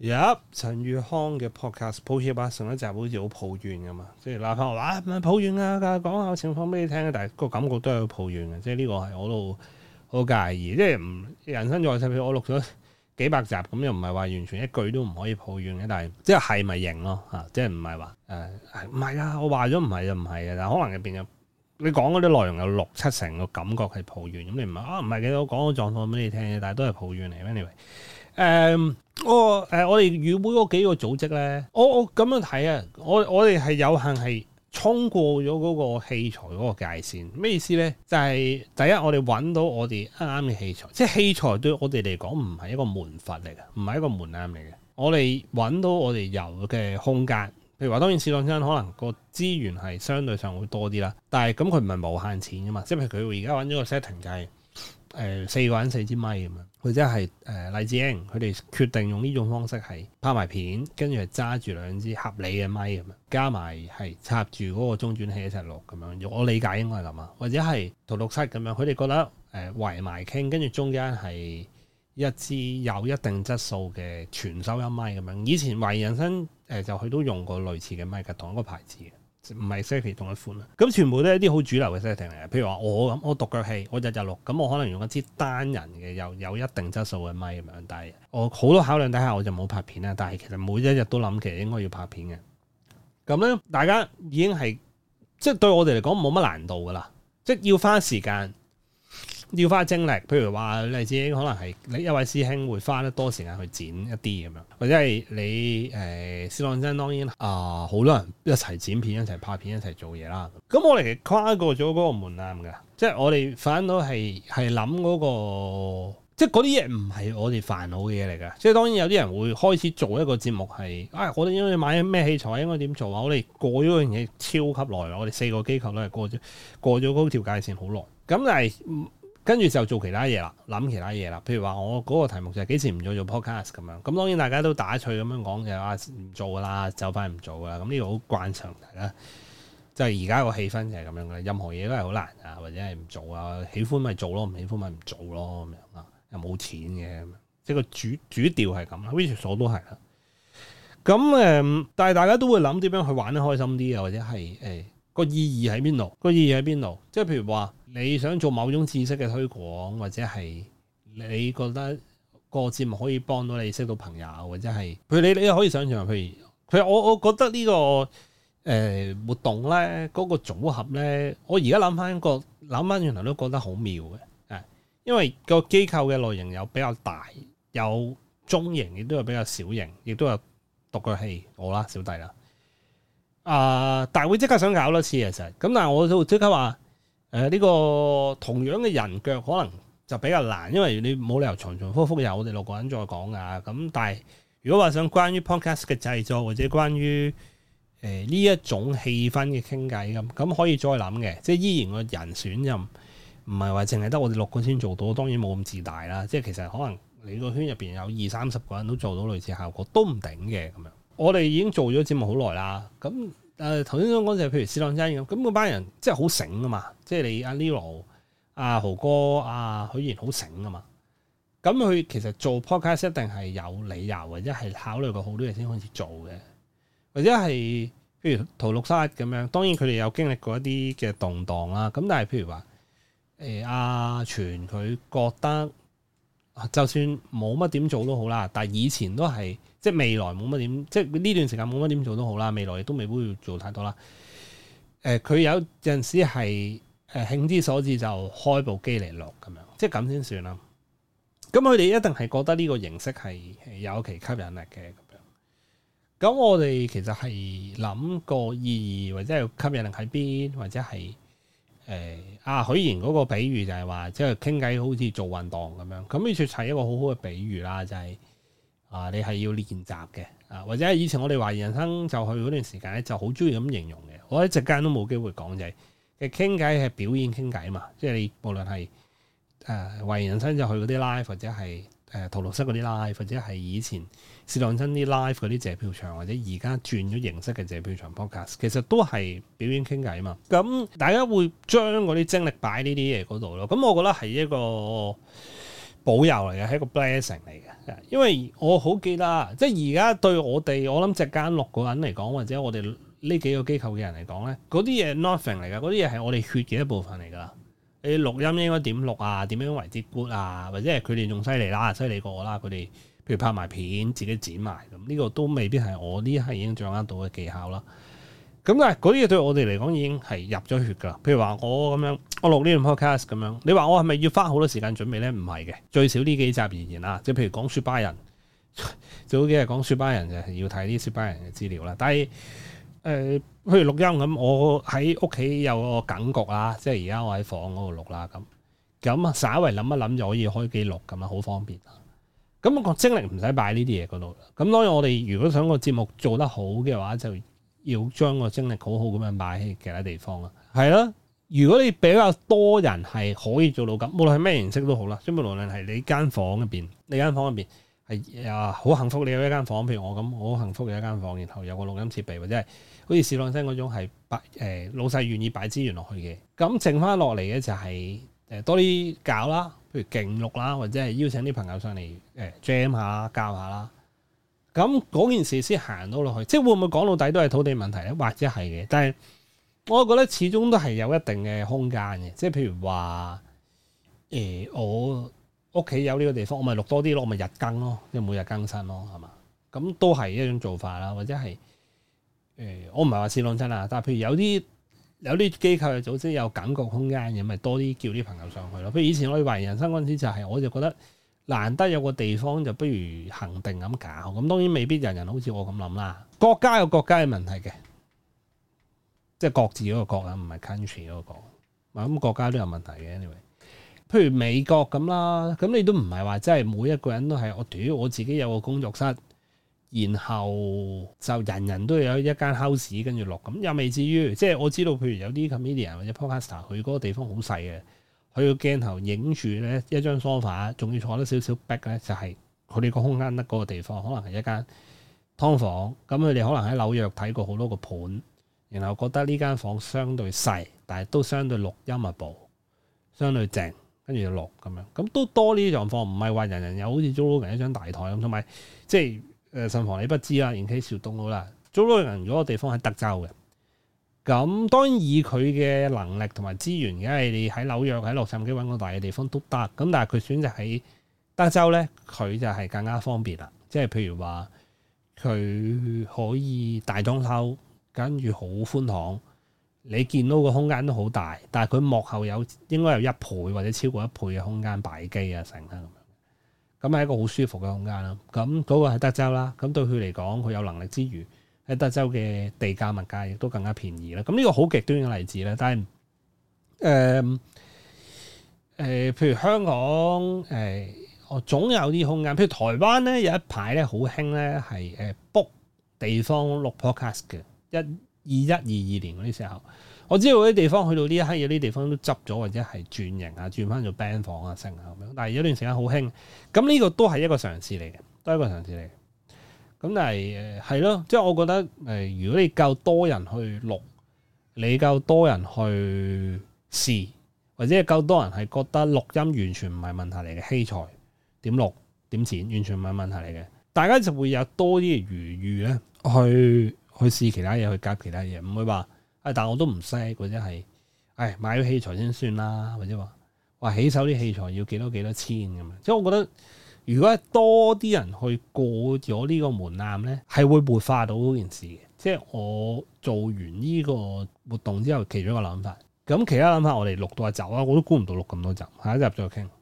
入、yep, 陳宇康嘅 podcast，抱歉，把上一集好似好抱怨咁嘛。即係嗱，翻我話唔係抱怨啊，講下情況俾你聽。但係個感覺都係好抱怨嘅，即係呢個係我都好介意。即係唔人生在世，譬如我錄咗幾百集，咁又唔係話完全一句都唔可以抱怨嘅。但係即係係咪認囉？嚇，即係唔係話誒？唔係啊！我話咗唔係就唔係啊！但係可能入邊有，你講嗰啲內容有六七成嘅感覺係抱怨，咁你唔係啊？唔係嘅，我講個狀況俾你聽，但係都係抱怨嚟 anyway。誒、um, 我誒我哋與會嗰幾個組織咧，我我咁樣睇啊，我我哋係有幸係衝過咗嗰個器材嗰個界線，咩意思咧？就係、是、第一，我哋揾到我哋啱啱嘅器材，即係器材對我哋嚟講唔係一個門檻嚟嘅，唔係一個門檻嚟嘅。我哋揾到我哋有嘅空間，譬如話，當然試當真可能個資源係相對上會多啲啦，但係咁佢唔係無限錢噶嘛，即係佢會而家揾咗個 setting 計。誒、呃、四個人四支咪，咁、呃、樣，樣，或者係誒黎智英，佢哋決定用呢種方式係拍埋片，跟住係揸住兩支合理嘅咪，咁樣，加埋係插住嗰個中轉器一齊錄咁樣。我理解應該係咁啊，或者係圖六七咁樣，佢哋覺得誒圍埋傾，跟住中間係一支有一定質素嘅全收音咪。咁樣。以前懷疑人生，誒、呃、就佢都用過類似嘅咪，嘅同一個牌子。唔係 setting 同一款啊，咁全部都係一啲好主流嘅 setting 嚟嘅。譬如話我咁，我獨腳戲，我日日錄，咁我可能用一支單人嘅又有一定質素嘅咪。咁樣。但係我好多考量底下，我就冇拍片啦。但係其實每一日都諗，其實應該要拍片嘅。咁咧，大家已經係即係對我哋嚟講冇乜難度噶啦，即係要花時間。要花精力，譬如話你自己可能係你一位師兄會花得多時間去剪一啲咁樣，或者係你誒師長生當然啊，好、呃、多人一齊剪片、一齊拍片、一齊做嘢啦。咁我哋跨過咗嗰個門檻嘅，即係我哋反到係係諗嗰個，即係嗰啲嘢唔係我哋煩惱嘅嘢嚟㗎。即係當然有啲人會開始做一個節目係啊、哎，我哋應該買咩器材，應該點做啊。我哋過咗樣嘢超級耐啦，我哋四個機構都係過咗過咗嗰條界線好耐。咁但係。嗯跟住就做其他嘢啦，諗其他嘢啦。譬如話我嗰個題目就係幾時唔做做 Podcast 咁樣。咁當然大家都打趣咁樣講就話唔做噶啦、這個，就快唔做啦。咁呢個好慣常，大家即係而家個氣氛就係咁樣嘅。任何嘢都係好難啊，或者係唔做啊，喜歡咪做咯，唔喜歡咪唔做咯咁樣啊。又冇錢嘅，即係個主主調係咁，which 所都係啦。咁誒、嗯，但係大家都會諗點樣去玩得開心啲啊，或者係誒。哎個意義喺邊度？個意義喺邊度？即係譬如話，你想做某種知識嘅推廣，或者係你覺得個節目可以幫到你識到朋友，或者係譬如你你可以想象，譬如，譬如我我覺得呢個誒活動呢，嗰個組合呢，我而家諗翻個諗翻原來都覺得好妙嘅，因為個機構嘅類型有比較大，有中型，亦都有比較小型，亦都有獨腳戲我啦，小弟啦。啊！大、呃、會即刻想搞多次其實，咁但係我都即刻話，誒、呃、呢、呢個同樣嘅人腳可能就比較難，因為你冇理由重複複又我哋六個人再講㗎。咁但係如果話想關於 podcast 嘅製作或者關於誒呢、呃、一種氣氛嘅傾偈咁，咁可以再諗嘅，即係依然個人選任唔係話淨係得我哋六個先做到，當然冇咁自大啦。即係其實可能你個圈入邊有二三十個人都做到類似效果，都唔頂嘅咁樣。我哋已經做咗節目好耐啦，咁誒頭先講就係，譬如史朗真咁，咁班人真係好醒啊嘛，即係你阿 Lilo、啊、阿豪哥、阿、啊、許賢好醒啊嘛，咁佢其實做 podcast 一定係有理由或者係考慮過好多嘢先開始做嘅，或者係譬如陶六沙咁樣，當然佢哋有經歷過一啲嘅動盪啦，咁但係譬如話誒阿全佢覺得。就算冇乜點做都好啦，但係以前都係即係未來冇乜點，即係呢段時間冇乜點做都好啦，未來亦都未必要做太多啦。誒、呃，佢有陣時係誒興之所至就開部機嚟落咁樣，即係咁先算啦。咁佢哋一定係覺得呢個形式係有其吸引力嘅咁樣。咁我哋其實係諗個意義或者係吸引力喺邊，或者係。誒、哎、啊許賢嗰個比喻就係話，即係傾偈好似做運動咁樣，咁呢啲就係一個好好嘅比喻啦，就係、是、啊，你係要練習嘅啊，或者以前我哋懷疑人生就去嗰段時間咧，就好中意咁形容嘅，我一直間都冇機會講就係，其實傾偈係表演傾偈啊嘛，即係你無論係誒懷疑人生就去嗰啲 live 或者係。誒圖、呃、六室嗰啲 live，或者係以前試量親啲 live 嗰啲借票場，或者而家轉咗形式嘅借票場 podcast，其實都係表演傾偈啊嘛！咁、嗯、大家會將嗰啲精力擺呢啲嘢嗰度咯。咁、嗯、我覺得係一個保佑嚟嘅，係一個 blessing 嚟嘅。因為我好記得，即係而家對我哋，我諗席間六個人嚟講，或者我哋呢幾個機構嘅人嚟講咧，嗰啲嘢 nothing 嚟嘅，嗰啲嘢係我哋血嘅一部分嚟㗎。你錄音應該點錄啊？點樣為之 good 啊？或者佢哋仲犀利啦，犀利過我啦。佢哋譬如拍埋片，自己剪埋咁，呢個都未必係我呢一刻已經掌握到嘅技巧啦。咁但係嗰啲嘢對我哋嚟講已經係入咗血噶。譬如話我咁樣，我錄呢段 podcast 咁樣，你話我係咪要花好多時間準備咧？唔係嘅，最少呢幾集而言啊。即係譬如講雪巴人，早幾日講雪巴人就係要睇啲雪巴人嘅資料啦，但係。誒，譬如錄音咁，我喺屋企有個感覺啦，即係而家我喺房嗰度錄啦，咁咁稍為諗一諗就可以開記錄咁啊，好方便啊。咁個精力唔使擺呢啲嘢嗰度啦。咁當然我哋如果想個節目做得好嘅話，就要將個精力好好咁樣擺喺其他地方啊。係啦，如果你比較多人係可以做到咁，無論係咩形式都好啦，所以無論係你間房入邊，你間房入邊。啊！好、哎、幸福，你有一間房，譬如我咁，好幸福嘅一間房，然後有個錄音設備，或者係好似市浪聲嗰種係、呃、老細願意擺資源落去嘅。咁、嗯、剩翻落嚟嘅就係、是、誒、呃、多啲搞啦，譬如勁錄啦，或者係邀請啲朋友上嚟誒、呃、jam 下啦、教下啦。咁、嗯、嗰件事先行到落去，即係會唔會講到底都係土地問題咧？或者係嘅，但係我覺得始終都係有一定嘅空間嘅。即係譬如話誒、呃、我。屋企有呢個地方，我咪錄多啲咯，我咪日更咯，即係每日更新咯，係嘛？咁都係一種做法啦，或者係誒、呃，我唔係話試諗真啦，但係譬如有啲有啲機構嘅組織有感覺空間嘅，咪多啲叫啲朋友上去咯。譬如以前我以為人生嗰時就係、是，我就覺得難得有個地方，就不如恒定咁搞。咁當然未必人人好似我咁諗啦。國家有國家嘅問題嘅，即係各自嗰個國啊，唔係 country 嗰個國。咁國,國家都有問題嘅，anyway。譬如美國咁啦，咁你都唔係話真係每一個人都係我。對於我自己有個工作室，然後就人人都有一間 house 跟住錄，咁又未至於即係我知道。譬如有啲 comedian 或者 podcaster，佢嗰個地方好細嘅，佢個鏡頭影住咧一張梳化，仲要坐得少少逼。a 咧，就係佢哋個空間得嗰個地方，可能係一間劏房。咁佢哋可能喺紐約睇過好多個盤，然後覺得呢間房相對細，但係都相對錄音啊部相對正。跟住就落咁樣，咁都多呢啲狀況，唔係話人人有好似租咗人一張大台咁，同埋即係誒慎防你不知啦。連 K 朝東澳啦，租咗人嗰個地方喺德州嘅，咁當然以佢嘅能力同埋資源，梗係你喺紐約喺洛杉磯揾個大嘅地方都得。咁但係佢選擇喺德州咧，佢就係更加方便啦。即係譬如話，佢可以大裝修，跟住好寬敞。你見到個空間都好大，但係佢幕後有應該有一倍或者超過一倍嘅空間擺機啊，成啊咁樣，咁係一個好舒服嘅空間啦。咁嗰個係德州啦，咁對佢嚟講，佢有能力之餘喺德州嘅地價物價亦都更加便宜啦。咁呢個好極端嘅例子咧，但係誒誒，譬如香港誒、呃，我總有啲空間。譬如台灣咧，有一排咧好興咧係誒 book 地方錄 podcast 嘅一。二一二二年嗰啲時候，我知道嗰啲地方去到呢一刻，有啲地方都執咗，或者係轉型啊，轉翻做 band 房啊成啊咁樣。但係有段時間好興，咁呢個都係一個嘗試嚟嘅，都係一個嘗試嚟嘅。咁但係誒係咯，即係我覺得誒、呃，如果你夠多人去錄，你夠多人去試，或者係夠多人係覺得錄音完全唔係問題嚟嘅，器材點錄點剪完全唔係問題嚟嘅，大家就會有多啲嘅餘裕咧去。去試其他嘢，去夾其他嘢，唔會話啊、哎！但係我都唔識，或者係誒、哎、買咗器材先算啦，或者話哇起手啲器材要幾多幾多千咁啊！即係我覺得，如果多啲人去過咗呢個門檻咧，係會活化到件事嘅。即係我做完呢個活動之後，其中一個諗法，咁其他諗法我哋錄多一集啦，我都估唔到錄咁多集，下一集再傾。